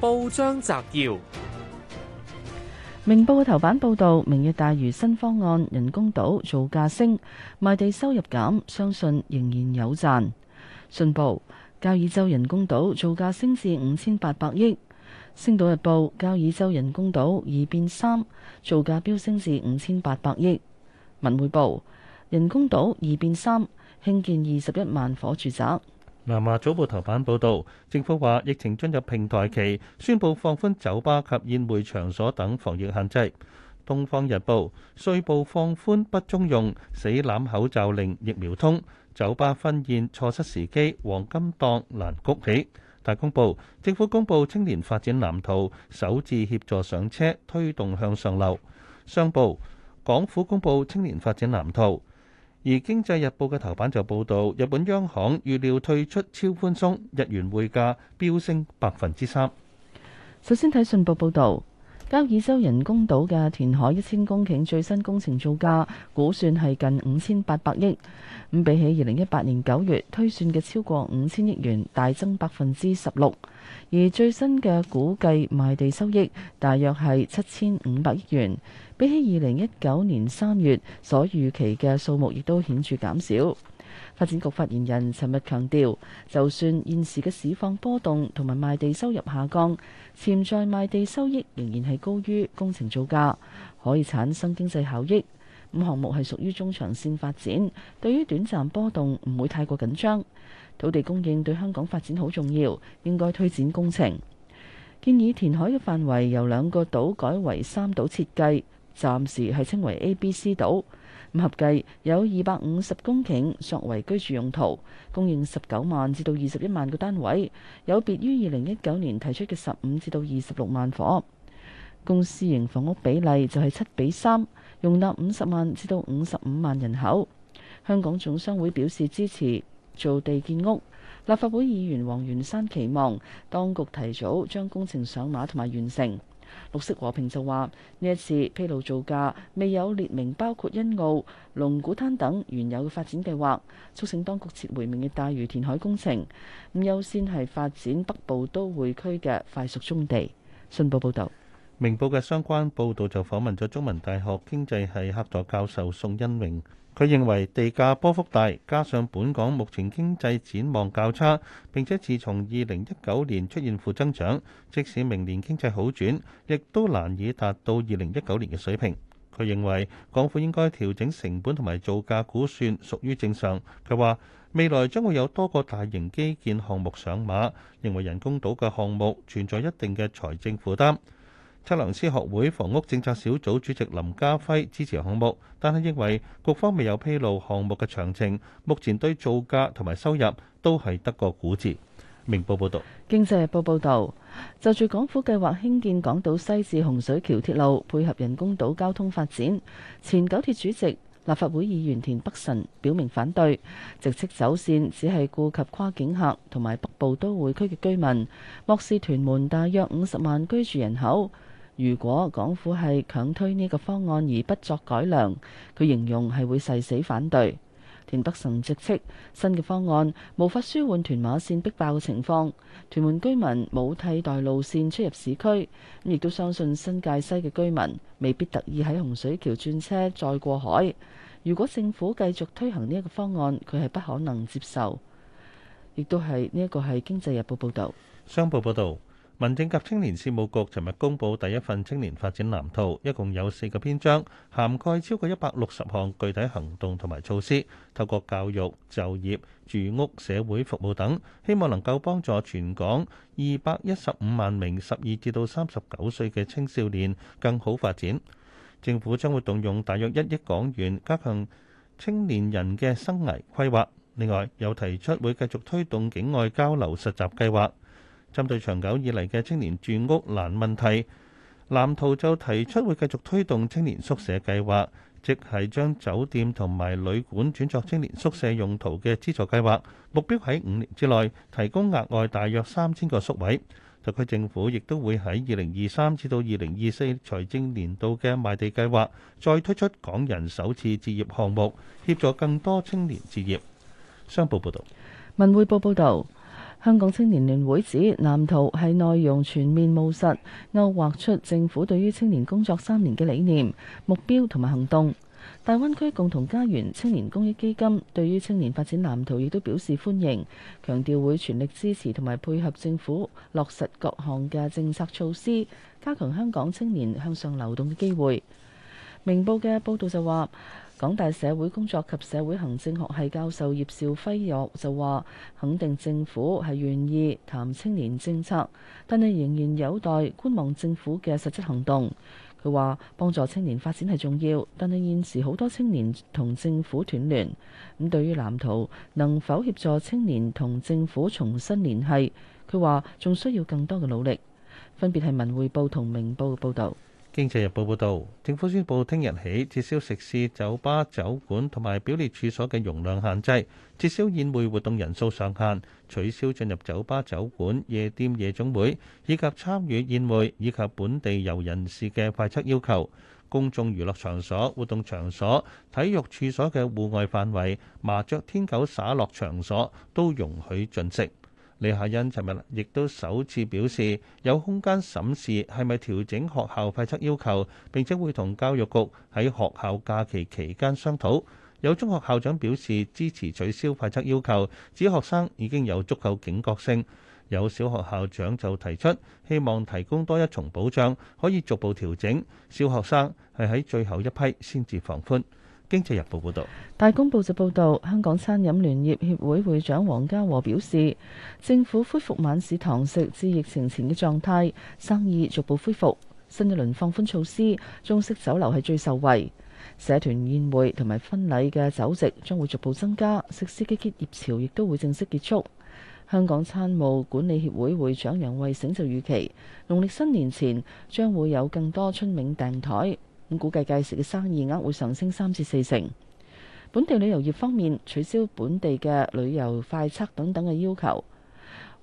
報章摘要：明報嘅頭版報道，明日大嶼新方案人工島造價升，賣地收入減，相信仍然有賺。信報：交椅洲人工島造價升至五千八百億。星島日報：交椅洲人工島二變三，造價飆升至五千八百億。文匯報：人工島二變三，興建二十一萬伙住宅。南華早報頭版報導，政府話疫情進入平台期，宣布放寬酒吧及宴會場所等防疫限制。《東方日報》碎步放寬不中用，死攬口罩令疫苗通，酒吧婚宴錯失時機，黃金檔難谷起。《大公報》政府公布青年發展藍圖，首次協助上車，推動向上流。商報，港府公布青年發展藍圖。而《經濟日報》嘅頭版就報導，日本央行預料退出超寬鬆，日元匯價飆升百分之三。首先睇信報報導。交椅洲人工島嘅填海一千公頃最新工程造價估算係近五千八百億，咁比起二零一八年九月推算嘅超過五千億元，大增百分之十六。而最新嘅估計賣地收益大約係七千五百億元，比起二零一九年三月所預期嘅數目亦都顯著減少。發展局發言人尋日強調，就算現時嘅市況波動同埋賣地收入下降，潛在賣地收益仍然係高於工程造價，可以產生經濟效益。咁項目係屬於中長線發展，對於短暫波動唔會太過緊張。土地供應對香港發展好重要，應該推展工程。建議填海嘅範圍由兩個島改為三島設計，暫時係稱為 A、B、C 島。合計有二百五十公頃作為居住用途，供應十九萬至到二十一萬個單位，有別於二零一九年提出嘅十五至到二十六萬房屋。公私營房屋比例就係七比三，容納五十萬至到五十五萬人口。香港總商會表示支持造地建屋。立法會議員黃元山期望當局提早將工程上馬同埋完成。綠色和平就話：呢一次披露造價未有列明，包括欣澳、龍鼓灘等原有嘅發展計劃，促請當局撤回明日大嶼填海工程。咁優先係發展北部都會區嘅快速棕地。信報報道。明報嘅相關報導就訪問咗中文大學經濟系客座教授宋恩榮。佢認為地價波幅大，加上本港目前經濟展望較差，並且自從二零一九年出現負增長，即使明年經濟好轉，亦都難以達到二零一九年嘅水平。佢認為港府應該調整成本同埋造價估算，屬於正常。佢話未來將會有多個大型基建項目上馬，認為人工島嘅項目存在一定嘅財政負擔。測量師學會房屋政策小組主席林家輝支持項目，但係認為局方未有披露項目嘅詳情，目前對造價同埋收入都係得個估字。明報報導，《經濟日報》報導，就住港府計劃興建港島西至洪水橋鐵路，配合人工島交通發展，前九鐵主席立法會議員田北辰表明反對，直斥走線只係顧及跨境客同埋北部都會區嘅居民，漠視屯門大約五十萬居住人口。如果港府係強推呢個方案而不作改良，佢形容係會誓死反對。田北辰直斥新嘅方案無法舒緩屯馬綫逼爆嘅情況，屯門居民冇替代路綫出入市區，咁亦都相信新界西嘅居民未必特意喺洪水橋轉車再過海。如果政府繼續推行呢一個方案，佢係不可能接受。亦都係呢一個係《經濟日報》報道，商報報道。民政及青年事務局尋日公布第一份青年發展藍圖，一共有四個篇章，涵蓋超過一百六十項具體行動同埋措施，透過教育、就業、住屋、社會服務等，希望能夠幫助全港二百一十五萬名十二至到三十九歲嘅青少年更好發展。政府將會動用大約一億港元加強青年人嘅生涯規劃，另外又提出會繼續推動境外交流實習計劃。針對長久以嚟嘅青年住屋難問題，藍圖就提出會繼續推動青年宿舍計劃，即係將酒店同埋旅館轉作青年宿舍用途嘅資助計劃，目標喺五年之內提供額外大約三千個宿位。特區政府亦都會喺二零二三至到二零二四財政年度嘅賣地計劃，再推出港人首次置業項目，協助更多青年置業。商報報導，文匯報報導。香港青年聯會指藍圖係內容全面務實，勾畫出政府對於青年工作三年嘅理念、目標同埋行動。大灣區共同家園青年公益基金對於青年發展藍圖亦都表示歡迎，強調會全力支持同埋配合政府落實各項嘅政策措施，加強香港青年向上流動嘅機會。明報嘅報道就話。港大社會工作及社會行政學系教授葉兆輝又就話：肯定政府係願意談青年政策，但係仍然有待觀望政府嘅實質行動。佢話：幫助青年發展係重要，但係現時好多青年同政府斷聯。咁對於藍圖能否協助青年同政府重新聯繫，佢話仲需要更多嘅努力。分別係文匯報同明報嘅報導。經濟日報報導，政府宣布聽日起撤銷食肆、酒吧、酒館同埋表列處所嘅容量限制，撤銷宴會活動人數上限，取消進入酒吧、酒館、夜店、夜總會以及參與宴會以及本地遊人士嘅快測要求。公眾娛樂場所、活動場所、體育處所嘅戶外範圍、麻雀、天九、耍樂場所都容許進食。李夏欣尋日亦都首次表示有空間審視係咪調整學校快測要求，並且會同教育局喺學校假期期間商討。有中學校長表示支持取消快測要求，指學生已經有足夠警覺性。有小學校長就提出希望提供多一重保障，可以逐步調整小學生係喺最後一批先至放寬。經濟日報報導，大公報就報導，香港餐飲聯業協會會長黃家和表示，政府恢復晚市堂食至疫情前嘅狀態，生意逐步恢復。新一輪放寬措施，中式酒樓係最受惠。社團宴會同埋婚禮嘅酒席將會逐步增加，食肆嘅結業潮亦都會正式結束。香港餐務管理協會會長楊慧醒就預期，農曆新年前將會有更多春茗訂台。咁估計屆時嘅生意額會上升三至四成。本地旅遊業方面，取消本地嘅旅遊快測等等嘅要求，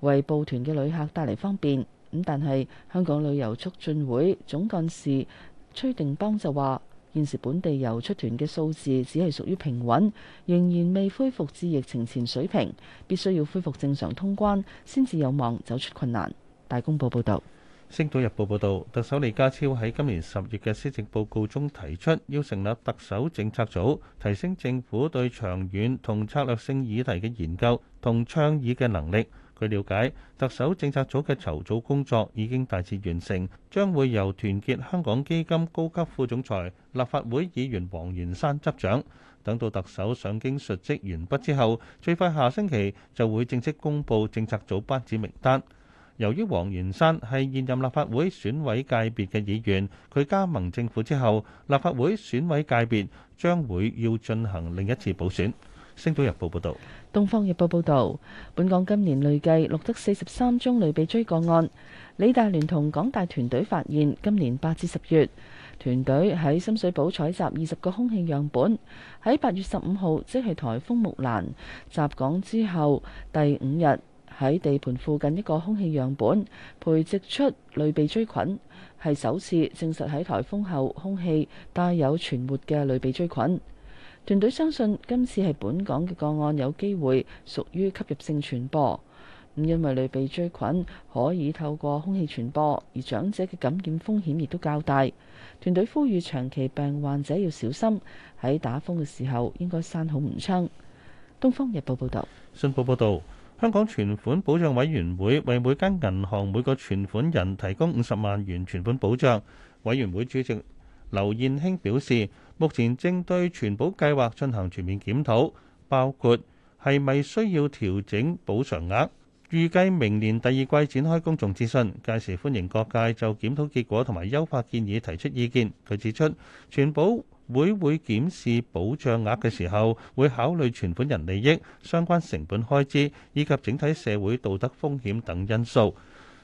為報團嘅旅客帶嚟方便。咁但係香港旅遊促進會總幹事崔定邦就話現時本地遊出團嘅數字只係屬於平穩，仍然未恢復至疫情前水平，必須要恢復正常通關先至有望走出困難，大公報報道。《星島日報》報導，特首李家超喺今年十月嘅施政報告中提出，要成立特首政策組，提升政府對長遠同策略性議題嘅研究同倡議嘅能力。據了解，特首政策組嘅籌組工作已經大致完成，將會由團結香港基金高級副總裁、立法會議員黃元山執掌。等到特首上京述職完畢之後，最快下星期就會正式公布政策組班子名單。由於黃元山係現任立法會選委界別嘅議員，佢加盟政府之後，立法會選委界別將會要進行另一次補選。星島日報報道，東方日報報道，本港今年累計錄得四十三宗類鼻疽個案。李大聯同港大團隊發現，今年八至十月，團隊喺深水埗採集二十個空氣樣本，喺八月十五號，即係颱風木蘭襲港之後第五日。喺地盤附近一個空氣樣本培植出類鼻疽菌，係首次證實喺颱風後空氣帶有存活嘅類鼻疽菌。團隊相信今次係本港嘅個案有機會屬於吸入性傳播，咁因為類鼻疽菌可以透過空氣傳播，而長者嘅感染風險亦都較大。團隊呼籲長期病患者要小心，喺打風嘅時候應該閂好門窗。《東方日報》報道。《信報》報導。香港存款保障委員會為每間銀行每個存款人提供五十萬元存款保障。委員會主席劉燕卿表示，目前正對存保計劃進行全面檢討，包括係咪需要調整補償額。預計明年第二季展開公眾諮詢，屆時歡迎各界就檢討結果同埋優化建議提出意見。佢指出，存保會會檢視保障額嘅時候，會考慮存款人利益、相關成本開支以及整體社會道德風險等因素。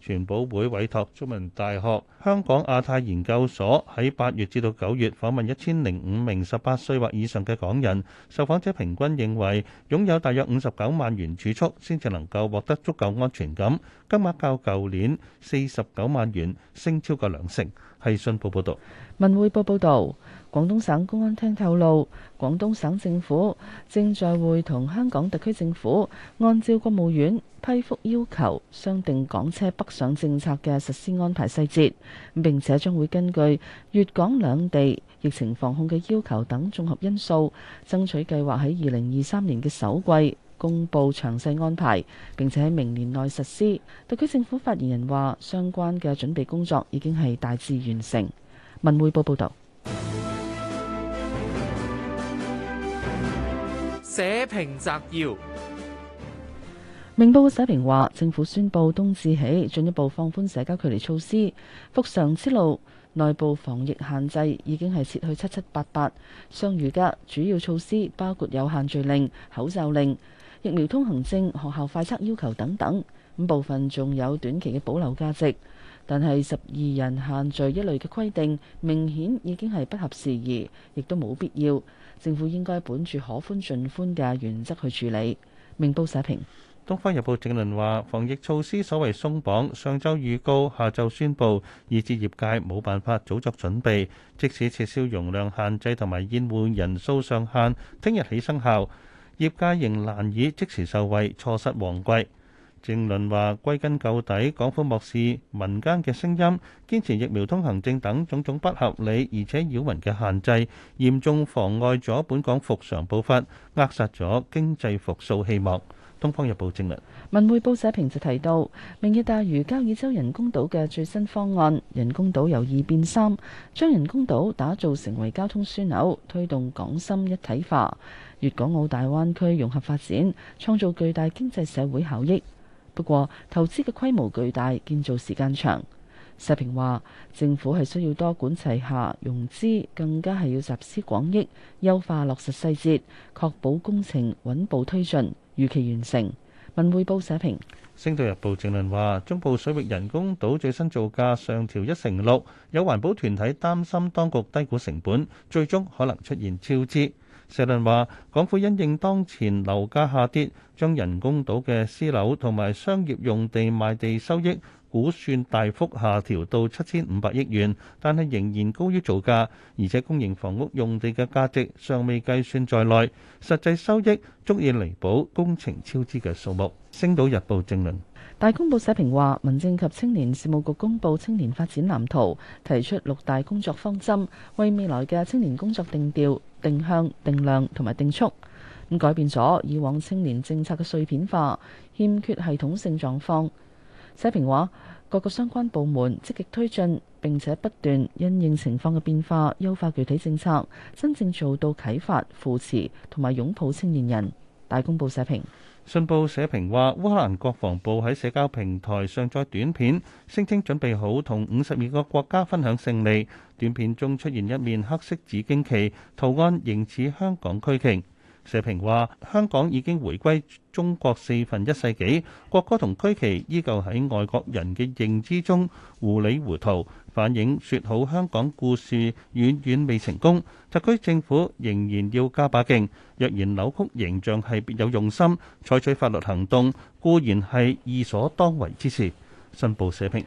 存保會委託中文大學香港亞太研究所喺八月至到九月訪問一千零五名十八歲或以上嘅港人，受訪者平均認為擁有大約五十九萬元儲蓄先至能夠獲得足夠安全感。金額較舊年四十九萬元升超過兩成。係信報報道，文匯報報道。廣東省公安廳透露，廣東省政府正在會同香港特區政府，按照國務院批覆要求，商定港車北上政策嘅實施安排細節。咁並且將會根據粵港兩地疫情防控嘅要求等綜合因素，爭取計劃喺二零二三年嘅首季公布詳細安排。並且喺明年內實施。特區政府發言人話：相關嘅準備工作已經係大致完成。文匯報報道。社評摘要：明報嘅社評話，政府宣布冬至起進一步放寬社交距離措施，復常之路內部防疫限制已經係撤去七七八八。相餘家主要措施包括有限聚令、口罩令、疫苗通行證、學校快測要求等等，咁部分仲有短期嘅保留價值。但係十二人限聚一類嘅規定，明顯已經係不合時宜，亦都冇必要。政府應該本住可寬盡寬嘅原則去處理。明報社評。《東方日報》正論話：防疫措施所謂鬆綁，上週預告，下晝宣佈，以至業界冇辦法早作準備。即使撤銷容量限制同埋宴會人數上限，聽日起生效，業界仍難以即時受惠，錯失旺季。正論話：歸根究底，港府漠視民間嘅聲音，堅持疫苗通行證等種種不合理而且擾民嘅限制，嚴重妨礙咗本港復常步伐，扼殺咗經濟復蘇希望。《東方日報》正論文匯報社評就提到，明日大嶼、交椅洲人工島嘅最新方案，人工島由二變三，將人工島打造成為交通樞紐，推動港深一體化、粵港澳大灣區融合發展，創造巨大經濟社會效益。不過投資嘅規模巨大，建造時間長。社評話政府係需要多管齊下，融資更加係要集思廣益，優化落實細節，確保工程穩步推進，如期完成。文匯報社評。《星島日報》社論話中部水域人工島最新造價上調一成六，有環保團體擔心當局低估成本，最終可能出現超支。社論話港府因應當前樓價下跌。將人工島嘅私樓同埋商業用地賣地收益估算大幅下調到七千五百億元，但係仍然高於造價，而且公營房屋用地嘅價值尚未計算在內，實際收益足以彌補工程超支嘅數目。星島日報政論。大公報社評話，民政及青年事務局公布青年發展藍圖，提出六大工作方針，為未來嘅青年工作定調、定向、定量同埋定速。咁改變咗以往青年政策嘅碎片化，欠缺系統性狀況。社評話：各個相關部門積極推進，並且不斷因應情況嘅變化，優化具體政策，真正做到啟發扶持同埋擁抱青年人。大公報社評。信報社評話：烏克蘭國防部喺社交平台上載短片，聲稱準備好同五十二個國家分享勝利。短片中出現一面黑色紫荊旗，圖案形似香港區旗。社評話：香港已經回歸中國四分一世紀，國歌同區旗依舊喺外國人嘅認知中糊裡糊塗，反映説好香港故事遠遠未成功。特區政府仍然要加把勁，若然扭曲形象係別有用心，採取法律行動固然係義所當為之事。新報社評。